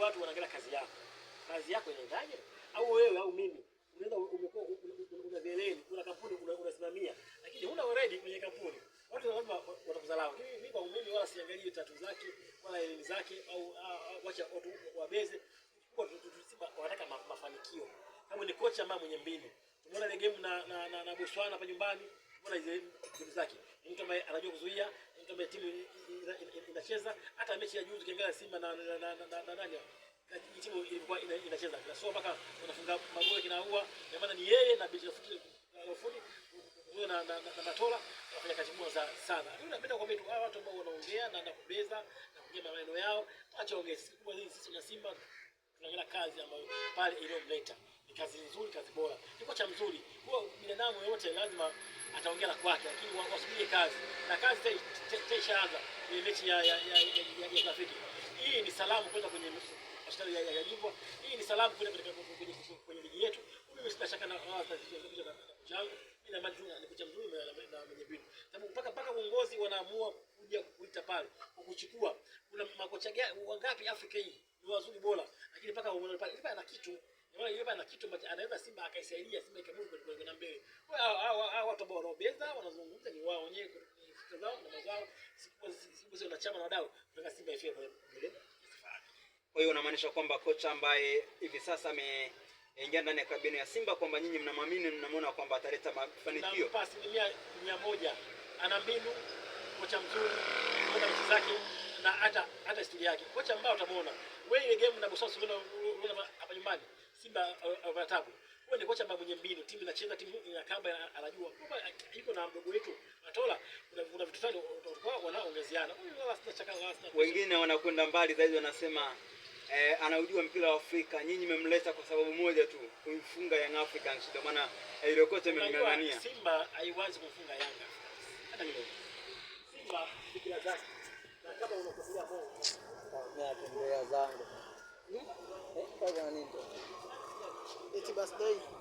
watu wanaangalia kazi yako. Kazi yako inaendaje? Au wewe au mimi unaweza umekuwa una geleni, una kampuni unasimamia, lakini huna already kwenye kampuni. Watu wanaomba watakuzalau. Mimi mimi kwa mimi wala siangalie tatu zake wala elimu zake au wacha watu wabeze kwa wanataka mafanikio. Kama ni kocha mama mwenye mbinu. Tumeona ile game na na, na, na Botswana hapa nyumbani. Tumeona ile game zake. Mtu ambaye anajua kuzuia kwamba timu inacheza. Hata mechi ya juzi ukiangalia Simba na na na na na timu ilikuwa inacheza na sio mpaka wanafunga magoli kinaua, kwa maana ni yeye na bila futi Rafuni huyo na na Matola wanafanya kazi kubwa sana. Mimi napenda kwa vitu hawa watu ambao wanaongea na na kubeza na kuongea maneno yao, acha ongee. Kwa hizi. sisi na Simba tunaangalia kazi ambayo pale iliyomleta ni kazi nzuri, kazi bora, ni kocha mzuri. Kwa binadamu yote lazima ataongea na kwake, lakini wasubiri kazi na kazi taishaanza kwenye mechi ya Trafiki. Hii ni salamu kwenda kwenye hospitali ya jimbo, hii ni salamu kwenda kwenye kwenye ligi yetu. Mimi sina shaka na changu nikucha mzuri na mwenye mbinu, sababu mpaka mpaka uongozi wanaamua kuja kuita pale kukuchukua. Kuna makocha wangapi Afrika hii ni wazuri bora, lakini mpaka wanaona pale ana kitu ana kitu ambacho anaweza Simba akaisaidia Simba ikamua kwenda mbele watu ambao wanaobeza wanazungumza ni wao wenyewe na mazao sio na chama na wadau Simba mbele. Kwa hiyo unamaanisha kwamba kocha ambaye hivi sasa ameingia ndani ya kabini ya Simba kwamba nyinyi mnamwamini mnamwona kwamba ataleta mafanikio. Kwa asilimia mia moja ana mbinu, kocha mzuri, ana mechi zake na hata hata historia yake. Kocha ambaye utamwona wewe ile game na Bososo unaona hapa nyumbani Simba uh, uh wewe ni kocha mwenye mbinu, timu inacheza, timu kamba, anajua kwamba eh, yuko na mdogo wetu Matola. Kuna kuna vitu fulani eh, wanaongezeana, wengine wanakwenda mbali zaidi, wanasema eh, anaujua mpira wa Afrika. Nyinyi mmemleta kwa sababu moja tu, kuifunga Young Africans. kwa maana eh, ile kocha imemngania. Simba haiwezi kufunga Yanga hata kidogo. Simba fikira zake, na kama unakosoa Mungu, mimi natembea zangu. Hmm? Eh, kwa nini ndio te